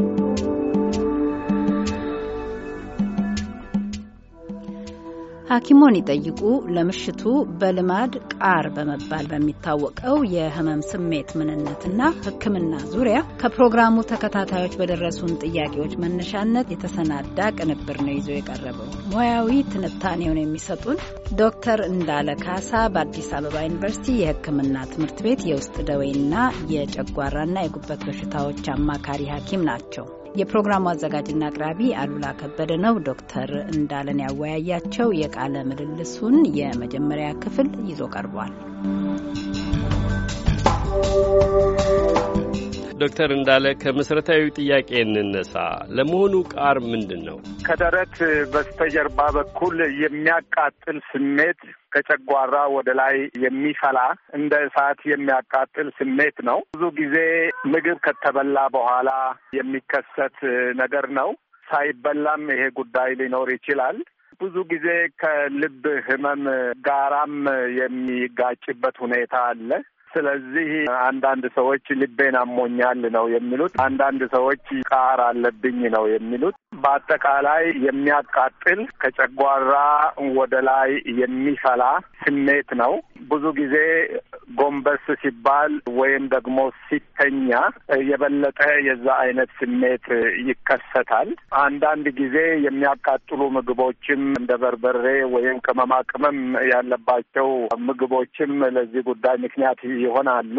Música ሐኪሞን ይጠይቁ ለምሽቱ በልማድ ቃር በመባል በሚታወቀው የህመም ስሜት ምንነትና ሕክምና ዙሪያ ከፕሮግራሙ ተከታታዮች በደረሱን ጥያቄዎች መነሻነት የተሰናዳ ቅንብር ነው ይዞ የቀረበው። ሙያዊ ትንታኔውን የሚሰጡን ዶክተር እንዳለ ካሳ በአዲስ አበባ ዩኒቨርሲቲ የሕክምና ትምህርት ቤት የውስጥ ደዌና የጨጓራና የጉበት በሽታዎች አማካሪ ሐኪም ናቸው። የፕሮግራሙ አዘጋጅና አቅራቢ አሉላ ከበደ ነው። ዶክተር እንዳለን ያወያያቸው የቃለ ምልልሱን የመጀመሪያ ክፍል ይዞ ቀርቧል። ዶክተር እንዳለ ከመሠረታዊ ጥያቄ እንነሳ። ለመሆኑ ቃር ምንድን ነው? ከደረት በስተጀርባ በኩል የሚያቃጥል ስሜት ከጨጓራ ወደ ላይ የሚፈላ እንደ እሳት የሚያቃጥል ስሜት ነው። ብዙ ጊዜ ምግብ ከተበላ በኋላ የሚከሰት ነገር ነው። ሳይበላም ይሄ ጉዳይ ሊኖር ይችላል። ብዙ ጊዜ ከልብ ህመም ጋራም የሚጋጭበት ሁኔታ አለ። ስለዚህ አንዳንድ ሰዎች ልቤን አሞኛል ነው የሚሉት። አንዳንድ ሰዎች ቃር አለብኝ ነው የሚሉት። በአጠቃላይ የሚያቃጥል ከጨጓራ ወደ ላይ የሚፈላ ስሜት ነው። ብዙ ጊዜ ጎንበስ ሲባል ወይም ደግሞ ሲተኛ የበለጠ የዛ አይነት ስሜት ይከሰታል። አንዳንድ ጊዜ የሚያቃጥሉ ምግቦችም እንደ በርበሬ ወይም ቅመማ ቅመም ያለባቸው ምግቦችም ለዚህ ጉዳይ ምክንያት ይሆናሉ።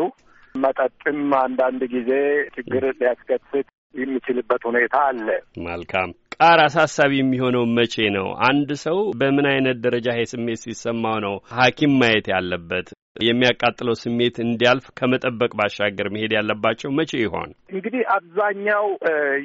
መጠጥም አንዳንድ ጊዜ ችግር ሊያስከትል የሚችልበት ሁኔታ አለ። መልካም ቃር አሳሳቢ የሚሆነው መቼ ነው? አንድ ሰው በምን አይነት ደረጃ ስሜት ሲሰማው ነው ሐኪም ማየት ያለበት? የሚያቃጥለው ስሜት እንዲያልፍ ከመጠበቅ ባሻገር መሄድ ያለባቸው መቼ ይሆን? እንግዲህ አብዛኛው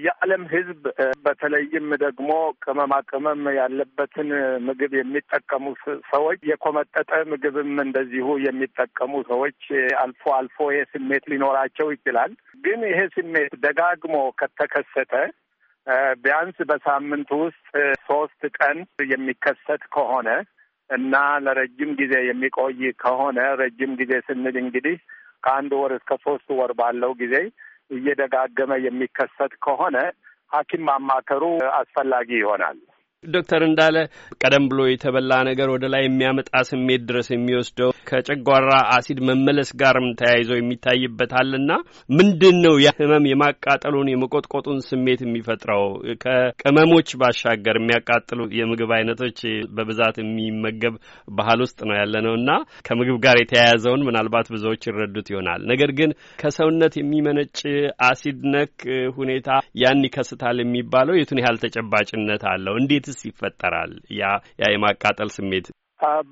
የዓለም ሕዝብ በተለይም ደግሞ ቅመማ ቅመም ያለበትን ምግብ የሚጠቀሙ ሰዎች፣ የኮመጠጠ ምግብም እንደዚሁ የሚጠቀሙ ሰዎች አልፎ አልፎ ይሄ ስሜት ሊኖራቸው ይችላል። ግን ይሄ ስሜት ደጋግሞ ከተከሰተ ቢያንስ በሳምንት ውስጥ ሶስት ቀን የሚከሰት ከሆነ እና ለረጅም ጊዜ የሚቆይ ከሆነ ረጅም ጊዜ ስንል እንግዲህ ከአንድ ወር እስከ ሶስት ወር ባለው ጊዜ እየደጋገመ የሚከሰት ከሆነ ሐኪም ማማከሩ አስፈላጊ ይሆናል። ዶክተር እንዳለ ቀደም ብሎ የተበላ ነገር ወደ ላይ የሚያመጣ ስሜት ድረስ የሚወስደው ከጨጓራ አሲድ መመለስ ጋርም ተያይዞ የሚታይበት አለና ምንድን ነው ያ ህመም የማቃጠሉን የመቆጥቆጡን ስሜት የሚፈጥረው? ከቅመሞች ባሻገር የሚያቃጥሉ የምግብ አይነቶች በብዛት የሚመገብ ባህል ውስጥ ነው ያለ ነው እና ከምግብ ጋር የተያያዘውን ምናልባት ብዙዎች ይረዱት ይሆናል። ነገር ግን ከሰውነት የሚመነጭ አሲድ ነክ ሁኔታ ያን ይከስታል የሚባለው የቱን ያህል ተጨባጭነት አለው? እንዴት ጭስ ይፈጠራል። ያ ያ የማቃጠል ስሜት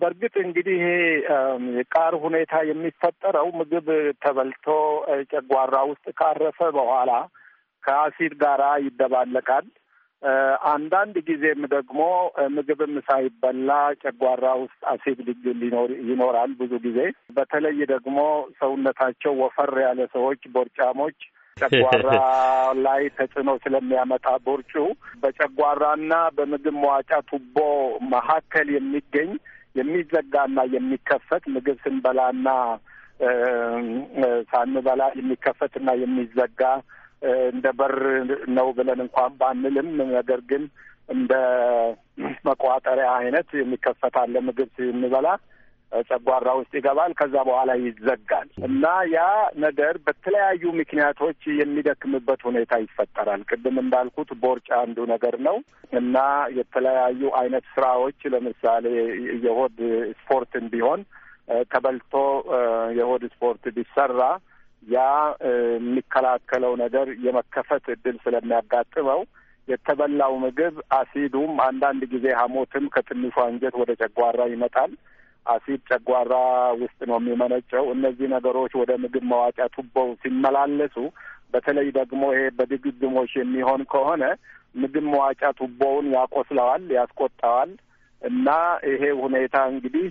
በእርግጥ እንግዲህ ይሄ የቃር ሁኔታ የሚፈጠረው ምግብ ተበልቶ ጨጓራ ውስጥ ካረፈ በኋላ ከአሲድ ጋር ይደባለቃል። አንዳንድ ጊዜም ደግሞ ምግብም ሳይበላ ጨጓራ ውስጥ አሲድ ሊኖር ይኖራል። ብዙ ጊዜ በተለይ ደግሞ ሰውነታቸው ወፈር ያለ ሰዎች፣ ቦርጫሞች ጨጓራ ላይ ተጽዕኖ ስለሚያመጣ ቦርጩ በጨጓራና በምግብ መዋጫ ቱቦ መካከል የሚገኝ የሚዘጋና የሚከፈት ምግብ ስንበላና ሳንበላ የሚከፈትና የሚዘጋ እንደ በር ነው ብለን እንኳን ባንልም ነገር ግን እንደ መቋጠሪያ አይነት የሚከፈታለ ምግብ ስንበላ ጨጓራ ውስጥ ይገባል። ከዛ በኋላ ይዘጋል እና ያ ነገር በተለያዩ ምክንያቶች የሚደክምበት ሁኔታ ይፈጠራል። ቅድም እንዳልኩት ቦርጫ አንዱ ነገር ነው እና የተለያዩ አይነት ስራዎች ለምሳሌ የሆድ ስፖርትን ቢሆን ተበልቶ የሆድ ስፖርት ቢሰራ ያ የሚከላከለው ነገር የመከፈት እድል ስለሚያጋጥመው የተበላው ምግብ አሲዱም አንዳንድ ጊዜ ሐሞትም ከትንሹ አንጀት ወደ ጨጓራ ይመጣል። አሲድ ጨጓራ ውስጥ ነው የሚመነጨው። እነዚህ ነገሮች ወደ ምግብ መዋጫ ቱቦው ሲመላለሱ በተለይ ደግሞ ይሄ በድግግሞሽ የሚሆን ከሆነ ምግብ መዋጫ ቱቦውን ያቆስለዋል፣ ያስቆጣዋል እና ይሄ ሁኔታ እንግዲህ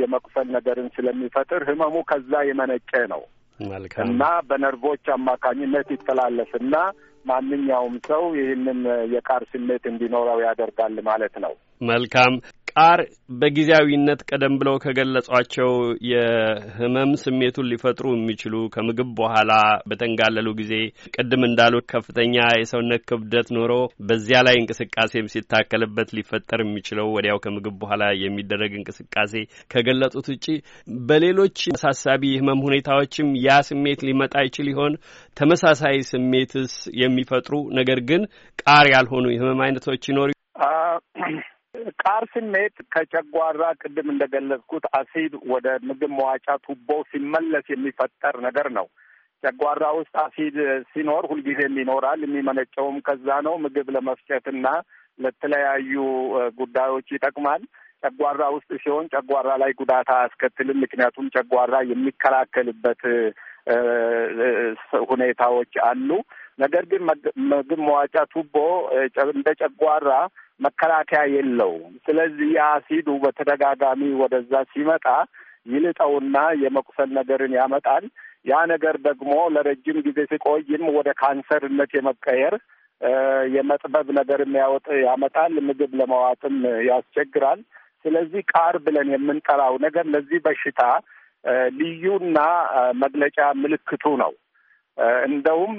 የመቁሰል ነገርን ስለሚፈጥር ህመሙ ከዛ የመነጨ ነው እና በነርቮች አማካኝነት ይተላለፍ እና ማንኛውም ሰው ይህንን የቃር ስሜት እንዲኖረው ያደርጋል ማለት ነው። መልካም ቃር በጊዜያዊነት ቀደም ብለው ከገለጿቸው የህመም ስሜቱን ሊፈጥሩ የሚችሉ ከምግብ በኋላ በተንጋለሉ ጊዜ ቅድም እንዳሉ ከፍተኛ የሰውነት ክብደት ኖሮ በዚያ ላይ እንቅስቃሴም ሲታከልበት ሊፈጠር የሚችለው ወዲያው ከምግብ በኋላ የሚደረግ እንቅስቃሴ ከገለጡት ውጪ በሌሎች አሳሳቢ የህመም ሁኔታዎችም ያ ስሜት ሊመጣ ይችል ይሆን? ተመሳሳይ ስሜትስ የሚፈጥሩ ነገር ግን ቃር ያልሆኑ የህመም አይነቶች ይኖሩ? ቃር ስሜት ከጨጓራ ቅድም እንደገለጽኩት አሲድ ወደ ምግብ መዋጫ ቱቦ ሲመለስ የሚፈጠር ነገር ነው። ጨጓራ ውስጥ አሲድ ሲኖር ሁልጊዜም ይኖራል። የሚመነጨውም ከዛ ነው። ምግብ ለመፍጨትና ለተለያዩ ጉዳዮች ይጠቅማል። ጨጓራ ውስጥ ሲሆን ጨጓራ ላይ ጉዳት አያስከትልም። ምክንያቱም ጨጓራ የሚከላከልበት ሁኔታዎች አሉ። ነገር ግን ምግብ መዋጫ ቱቦ እንደ ጨጓራ መከላከያ የለው ስለዚህ የአሲዱ በተደጋጋሚ ወደዛ ሲመጣ ይልጠውና የመቁሰል ነገርን ያመጣል። ያ ነገር ደግሞ ለረጅም ጊዜ ሲቆይም ወደ ካንሰርነት የመቀየር የመጥበብ ነገርም ያወጥ ያመጣል። ምግብ ለመዋጥም ያስቸግራል። ስለዚህ ቃር ብለን የምንጠራው ነገር ለዚህ በሽታ ልዩና መግለጫ ምልክቱ ነው። እንደውም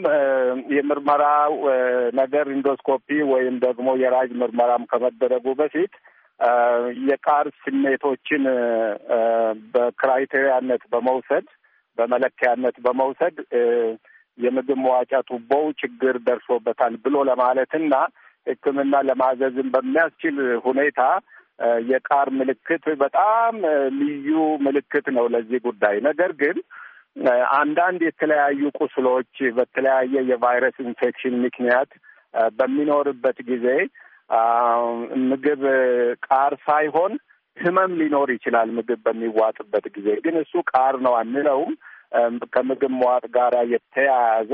የምርመራው ነገር ኢንዶስኮፒ ወይም ደግሞ የራጅ ምርመራም ከመደረጉ በፊት የቃር ስሜቶችን በክራይቴሪያነት በመውሰድ በመለኪያነት በመውሰድ የምግብ መዋጫ ቱቦው ችግር ደርሶበታል ብሎ ለማለትና ሕክምና ለማዘዝም በሚያስችል ሁኔታ የቃር ምልክት በጣም ልዩ ምልክት ነው ለዚህ ጉዳይ። ነገር ግን አንዳንድ የተለያዩ ቁስሎች በተለያየ የቫይረስ ኢንፌክሽን ምክንያት በሚኖርበት ጊዜ ምግብ ቃር ሳይሆን ህመም ሊኖር ይችላል። ምግብ በሚዋጥበት ጊዜ ግን እሱ ቃር ነው አንለውም። ከምግብ መዋጥ ጋር የተያያዘ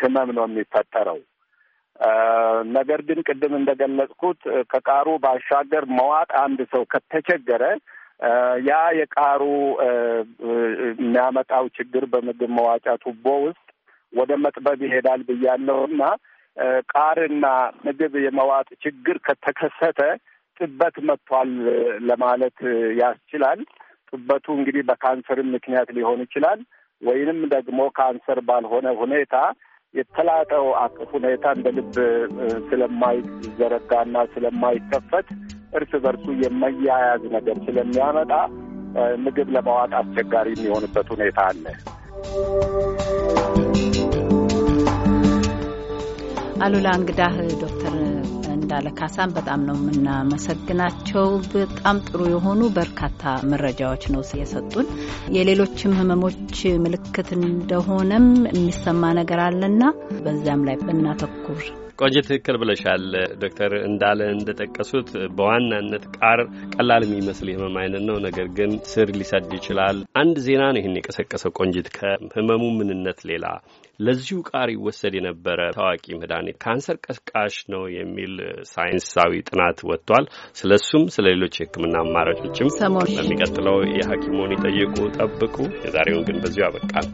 ህመም ነው የሚፈጠረው። ነገር ግን ቅድም እንደገለጽኩት ከቃሩ ባሻገር መዋጥ አንድ ሰው ከተቸገረ ያ የቃሩ የሚያመጣው ችግር በምግብ መዋጫ ቱቦ ውስጥ ወደ መጥበብ ይሄዳል ብያለሁ እና ቃርና ምግብ የመዋጥ ችግር ከተከሰተ ጥበት መጥቷል ለማለት ያስችላል። ጥበቱ እንግዲህ በካንሰርም ምክንያት ሊሆን ይችላል ወይንም ደግሞ ካንሰር ባልሆነ ሁኔታ የተላጠው አቅፍ ሁኔታ እንደ ልብ ስለማይዘረጋና ስለማይከፈት እርስ በርሱ የመያያዝ ነገር ስለሚያመጣ ምግብ ለማዋጥ አስቸጋሪ የሚሆንበት ሁኔታ አለ። አሉላ እንግዳህ ዶክተር እንዳለ ካሳን በጣም ነው የምናመሰግናቸው። በጣም ጥሩ የሆኑ በርካታ መረጃዎች ነው የሰጡን። የሌሎችም ህመሞች ምልክት እንደሆነም የሚሰማ ነገር አለና በዚያም ላይ እናተኩር። ቆንጆ ትክክል ብለሻል ዶክተር እንዳለ እንደጠቀሱት በዋናነት ቃር ቀላል የሚመስል የህመም አይነት ነው። ነገር ግን ስር ሊሰድ ይችላል። አንድ ዜና ነው ይህን የቀሰቀሰው ቆንጂት። ከህመሙ ምንነት ሌላ ለዚሁ ቃር ይወሰድ የነበረ ታዋቂ መድኃኒት ካንሰር ቀስቃሽ ነው የሚል ሳይንሳዊ ጥናት ወጥቷል። ስለ እሱም ስለ ሌሎች የህክምና አማራጮችም በሚቀጥለው የሐኪሙን ይጠይቁ ጠብቁ። የዛሬውን ግን በዚሁ አበቃል።